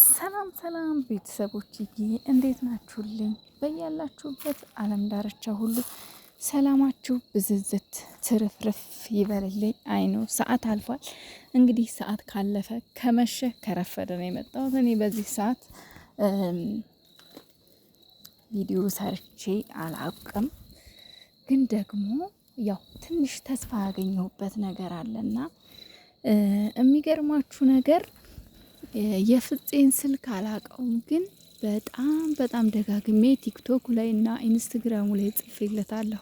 ሰላም ሰላም ቤተሰቦችዬ እንዴት ናችሁልኝ? በያላችሁበት ዓለም ዳርቻ ሁሉ ሰላማችሁ ብዝዝት ትርፍርፍ ይበልልኝ። አይኑ ሰዓት አልፏል። እንግዲህ ሰዓት ካለፈ ከመሸ ከረፈደ ነው የመጣሁት። እኔ በዚህ ሰዓት ቪዲዮ ሰርቼ አላውቅም፣ ግን ደግሞ ያው ትንሽ ተስፋ ያገኘሁበት ነገር አለና የሚገርማችሁ ነገር የፍፄን ስልክ አላቀውም፣ ግን በጣም በጣም ደጋግሜ ቲክቶክ ላይ እና ኢንስትግራሙ ላይ ጽፌለታለሁ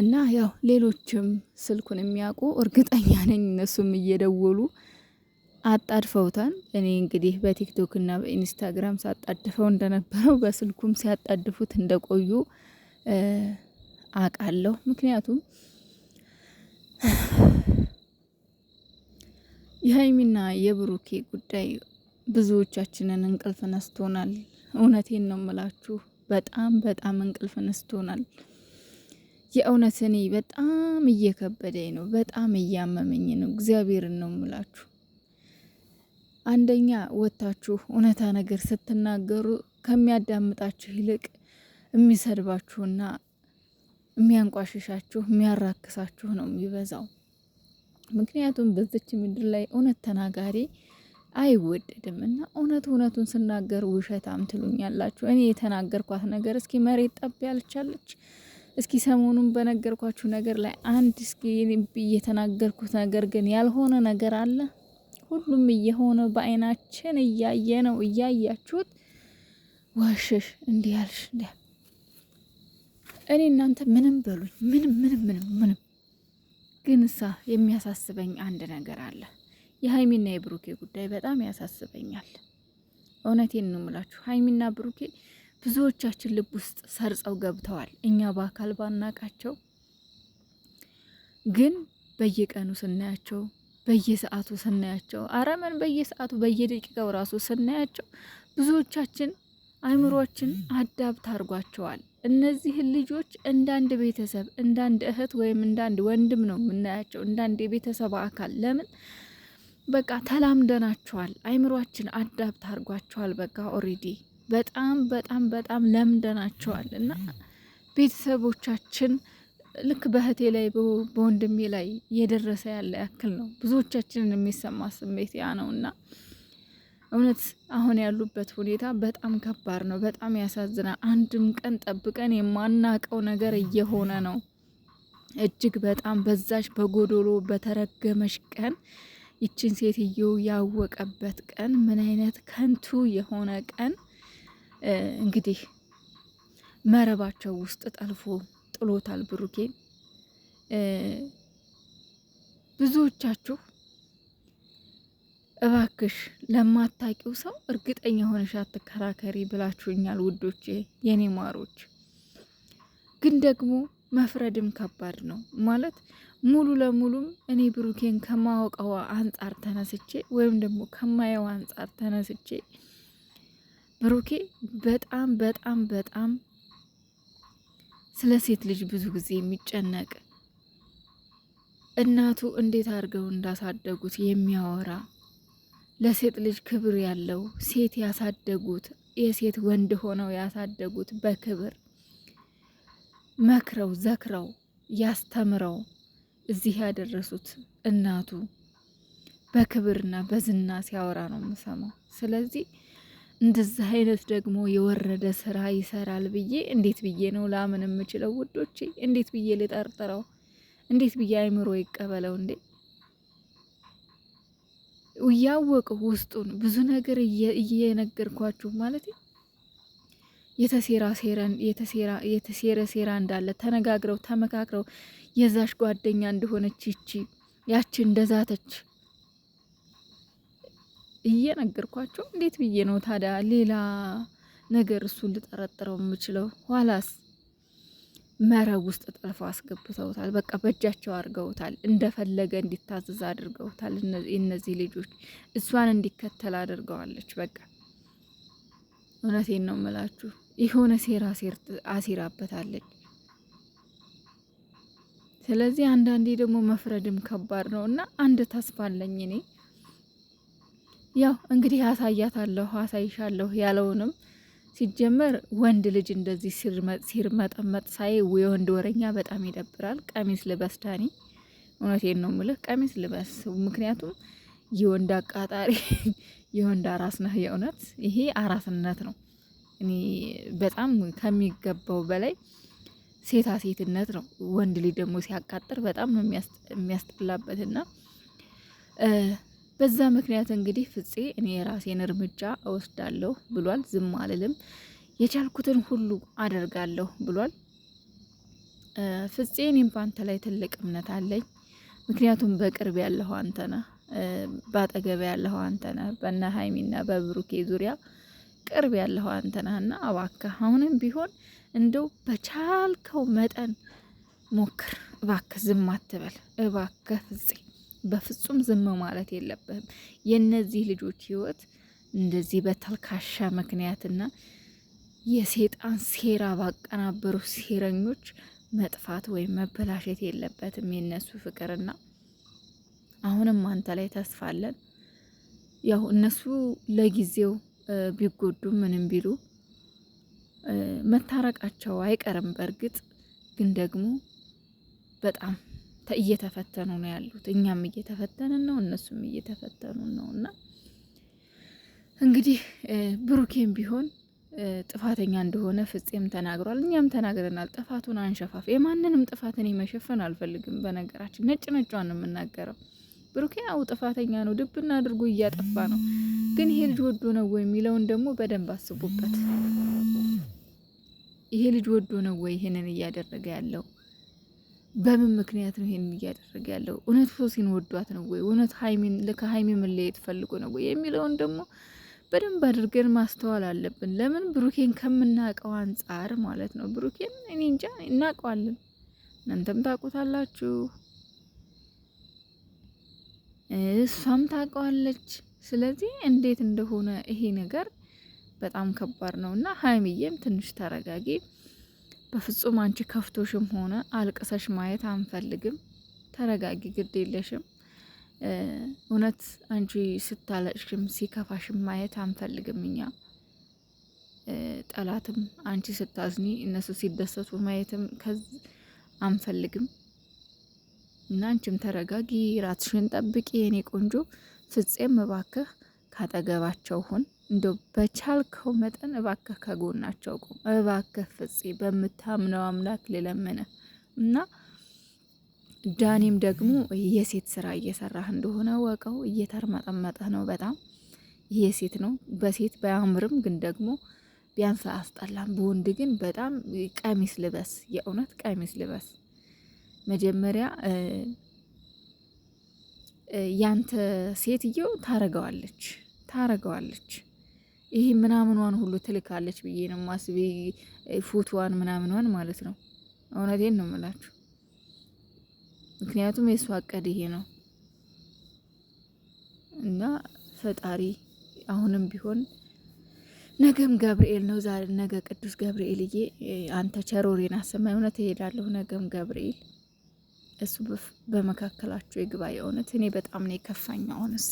እና ያው ሌሎችም ስልኩን የሚያውቁ እርግጠኛ ነኝ እነሱም እየደወሉ አጣድፈውታል። እኔ እንግዲህ በቲክቶክ እና በኢንስታግራም ሳጣድፈው እንደነበረው በስልኩም ሲያጣድፉት እንደቆዩ አቃለሁ። ምክንያቱም የሀይሚና የብሩኬ ጉዳይ ብዙዎቻችንን እንቅልፍ ነስቶናል። እውነቴን ነው ምላችሁ፣ በጣም በጣም እንቅልፍ ነስቶናል። የእውነት እኔ በጣም እየከበደኝ ነው፣ በጣም እያመመኝ ነው። እግዚአብሔርን ነው ምላችሁ። አንደኛ ወታችሁ እውነታ ነገር ስትናገሩ ከሚያዳምጣችሁ ይልቅ የሚሰድባችሁና የሚያንቋሽሻችሁ የሚያራክሳችሁ ነው የሚበዛው። ምክንያቱም በዚች ምድር ላይ እውነት ተናጋሪ አይወደድም እና እውነት እውነቱን ስናገር ውሸታም ትሉኛላችሁ። እኔ የተናገርኳት ነገር እስኪ መሬት ጠብ ያልቻለች እስኪ ሰሞኑን በነገርኳችሁ ነገር ላይ አንድ እስኪ እየተናገርኩት ነገር ግን ያልሆነ ነገር አለ። ሁሉም እየሆነ በአይናችን እያየ ነው። እያያችሁት ዋሸሽ እንዲህ ያልሽ እንዲህ እኔ እናንተ ምንም በሉኝ ምንም ምንም ምንም ምንም ግን እሳ የሚያሳስበኝ አንድ ነገር አለ። የሀይሚና የብሩኬ ጉዳይ በጣም ያሳስበኛል። እውነቴን ነው የምላችሁ። ሀይሚና ብሩኬ ብዙዎቻችን ልብ ውስጥ ሰርጸው ገብተዋል። እኛ በአካል ባናቃቸው፣ ግን በየቀኑ ስናያቸው፣ በየሰዓቱ ስናያቸው፣ አረመን በየሰዓቱ በየደቂቃው ራሱ ስናያቸው ብዙዎቻችን አይምሮችን አዳብት አድርጓቸዋል። እነዚህን ልጆች እንዳንድ ቤተሰብ እንዳንድ እህት ወይም እንዳንድ ወንድም ነው የምናያቸው፣ እንዳንድ የቤተሰብ አካል ለምን በቃ ተላምደናቸዋል። አይምሯችን አዳብት አድርጓቸዋል። በቃ ኦሬዲ በጣም በጣም በጣም ለምደናቸዋል እና ቤተሰቦቻችን ልክ በእህቴ ላይ በወንድሜ ላይ እየደረሰ ያለ ያክል ነው ብዙዎቻችንን የሚሰማ ስሜት ያ ነው እና እውነት አሁን ያሉበት ሁኔታ በጣም ከባድ ነው። በጣም ያሳዝናል። አንድም ቀን ጠብቀን የማናቀው ነገር እየሆነ ነው። እጅግ በጣም በዛሽ በጎዶሎ በተረገመሽ ቀን ይችን ሴትየው ያወቀበት ቀን ምን አይነት ከንቱ የሆነ ቀን እንግዲህ መረባቸው ውስጥ ጠልፎ ጥሎታል ብሩኬን ብዙዎቻችሁ እባክሽ ለማታቂው ሰው እርግጠኛ ሆነሽ አትከራከሪ ብላችሁኛል ውዶቼ፣ የኔ ማሮች። ግን ደግሞ መፍረድም ከባድ ነው ማለት ሙሉ ለሙሉም እኔ ብሩኬን ከማወቀዋ አንጻር ተነስቼ ወይም ደግሞ ከማየው አንጻር ተነስቼ ብሩኬ በጣም በጣም በጣም ስለ ሴት ልጅ ብዙ ጊዜ የሚጨነቅ እናቱ እንዴት አድርገው እንዳሳደጉት የሚያወራ ለሴት ልጅ ክብር ያለው ሴት ያሳደጉት የሴት ወንድ ሆነው ያሳደጉት በክብር መክረው ዘክረው ያስተምረው እዚህ ያደረሱት እናቱ በክብርና በዝና ሲያወራ ነው የምሰማው። ስለዚህ እንደዚህ አይነት ደግሞ የወረደ ስራ ይሰራል ብዬ እንዴት ብዬ ነው ላምን የምችለው? ውዶቼ እንዴት ብዬ ልጠርጥረው? እንዴት ብዬ አይምሮ ይቀበለው እንዴ? እያወቅሁ ውስጡን ብዙ ነገር እየነገርኳችሁ ማለት የተሴራ የተሴረ ሴራ እንዳለ ተነጋግረው ተመካክረው የዛሽ ጓደኛ እንደሆነች ይቺ ያቺ እንደዛተች እየነገርኳቸው እንዴት ብዬ ነው ታዲያ ሌላ ነገር እሱን ልጠረጥረው የምችለው ኋላስ መረብ ውስጥ ጠልፈው አስገብተውታል። በቃ በእጃቸው አድርገውታል። እንደፈለገ እንዲታዘዝ አድርገውታል። እነዚህ ልጆች እሷን እንዲከተል አድርገዋለች። በቃ እውነቴን ነው የምላችሁ፣ የሆነ ሴራ አሴራበታለች ስለዚህ አንዳንዴ ደግሞ መፍረድም ከባድ ነው እና አንድ ተስፋ አለኝ እኔ ያው እንግዲህ አሳያታለሁ፣ አሳይሻለሁ ያለውንም ሲጀመር ወንድ ልጅ እንደዚህ ሲርመጠመጥ ሳይ የወንድ ወረኛ በጣም ይደብራል። ቀሚስ ልበስ ዳኒ፣ እውነቴን ነው ምልህ፣ ቀሚስ ልበስ። ምክንያቱም የወንድ አቃጣሪ የወንድ አራስ ነህ። የእውነት ይሄ አራስነት ነው። እኔ በጣም ከሚገባው በላይ ሴታ ሴትነት ነው። ወንድ ልጅ ደግሞ ሲያቃጥር በጣም ነው የሚያስጠላበትና በዛ ምክንያት እንግዲህ ፍፄ እኔ የራሴን እርምጃ እወስዳለሁ ብሏል። ዝም አልልም፣ የቻልኩትን ሁሉ አደርጋለሁ ብሏል። ፍፄ እኔም በአንተ ላይ ትልቅ እምነት አለኝ። ምክንያቱም በቅርብ ያለሁ አንተነ ነህ፣ በአጠገብ ያለሁ አንተነ በነ ሀይሚና በብሩኬ ዙሪያ ቅርብ ያለሁ አንተ እና እባክህ አሁንም ቢሆን እንደው በቻልከው መጠን ሞክር እባክህ፣ ዝም አትበል እባክህ ፍፄ በፍጹም ዝም ማለት የለብህም። የእነዚህ ልጆች ህይወት እንደዚህ በተልካሻ ምክንያትና የሴጣን ሴራ ባቀናበሩ ሴረኞች መጥፋት ወይም መበላሸት የለበትም የእነሱ ፍቅርና አሁንም አንተ ላይ ተስፋ አለን። ያው እነሱ ለጊዜው ቢጎዱ ምንም ቢሉ መታረቃቸው አይቀርም። በእርግጥ ግን ደግሞ በጣም እየተፈተኑ ነው ያሉት። እኛም እየተፈተንን ነው፣ እነሱም እየተፈተኑ ነው። እና እንግዲህ ብሩኬም ቢሆን ጥፋተኛ እንደሆነ ፍፄም ተናግሯል፣ እኛም ተናግረናል። ጥፋቱን አንሸፋፍ። የማንንም ጥፋትን መሸፈን አልፈልግም። በነገራችን ነጭ ነጯን ነው የምናገረው። ብሩኬ ያው ጥፋተኛ ነው፣ ድብና አድርጎ እያጠፋ ነው። ግን ይሄ ልጅ ወዶ ነው ወይ የሚለውን ደግሞ በደንብ አስቡበት። ይሄ ልጅ ወዶ ነው ወይ ይሄንን እያደረገ ያለው? በምን ምክንያት ነው ይሄንን እያደረገ ያለው? እውነት ሶሲን ወዷት ነው ወይ? እውነት ሀይሚን ከሀይሚ መለየት ፈልጎ ነው ወይ የሚለውን ደግሞ በደንብ አድርገን ማስተዋል አለብን። ለምን ብሩኬን ከምናውቀው አንጻር ማለት ነው። ብሩኬን እኔ እንጃ እናውቀዋለን፣ እናንተም ታውቁታላችሁ፣ እሷም ታውቀዋለች። ስለዚህ እንዴት እንደሆነ ይሄ ነገር በጣም ከባድ ነው እና ሀይሚዬም ትንሽ ተረጋጊ። በፍጹም አንቺ ከፍቶሽም ሆነ አልቅሰሽ ማየት አንፈልግም። ተረጋጊ፣ ግድ የለሽም። እውነት አንቺ ስታለቅሽም ሲከፋሽም ማየት አንፈልግም እኛ። ጠላትም አንቺ ስታዝኒ እነሱ ሲደሰቱ ማየትም ከዚ አንፈልግም እና አንቺም ተረጋጊ፣ ራትሽን ጠብቂ የኔ ቆንጆ። ፍፄም እባክህ ካጠገባቸው ሁን እንዶ በቻልከው መጠን እባክህ ከጎናቸው ቁም፣ እባክህ ፍፄ፣ በምታምነው አምላክ ልለምንህ እና ዳኒም ደግሞ የሴት ስራ እየሰራህ እንደሆነ ወቀው፣ እየተርመጠመጠህ ነው በጣም ይሄ ሴት ነው። በሴት ባያምርም ግን ደግሞ ቢያንስ አስጠላም። በወንድ ግን በጣም ቀሚስ ልበስ፣ የእውነት ቀሚስ ልበስ። መጀመሪያ ያንተ ሴትየው ታረገዋለች ታረገዋለች። ይህ ምናምኗን ሁሉ ትልካለች ብዬ ነው ማስቤ ፎቶዋን ምናምኗን ማለት ነው። እውነቴን ነው ምላችሁ፣ ምክንያቱም የእሷ አቀድ ይሄ ነው እና ፈጣሪ አሁንም ቢሆን ነገም ገብርኤል ነው ዛሬ ነገ ቅዱስ ገብርኤልዬ አንተ ቸሮሬን አሰማኝ። እውነት እሄዳለሁ ነገም ገብርኤል እሱ በመካከላቸው የግባ። የእውነት እኔ በጣም ነው የከፋኝ አሁንስ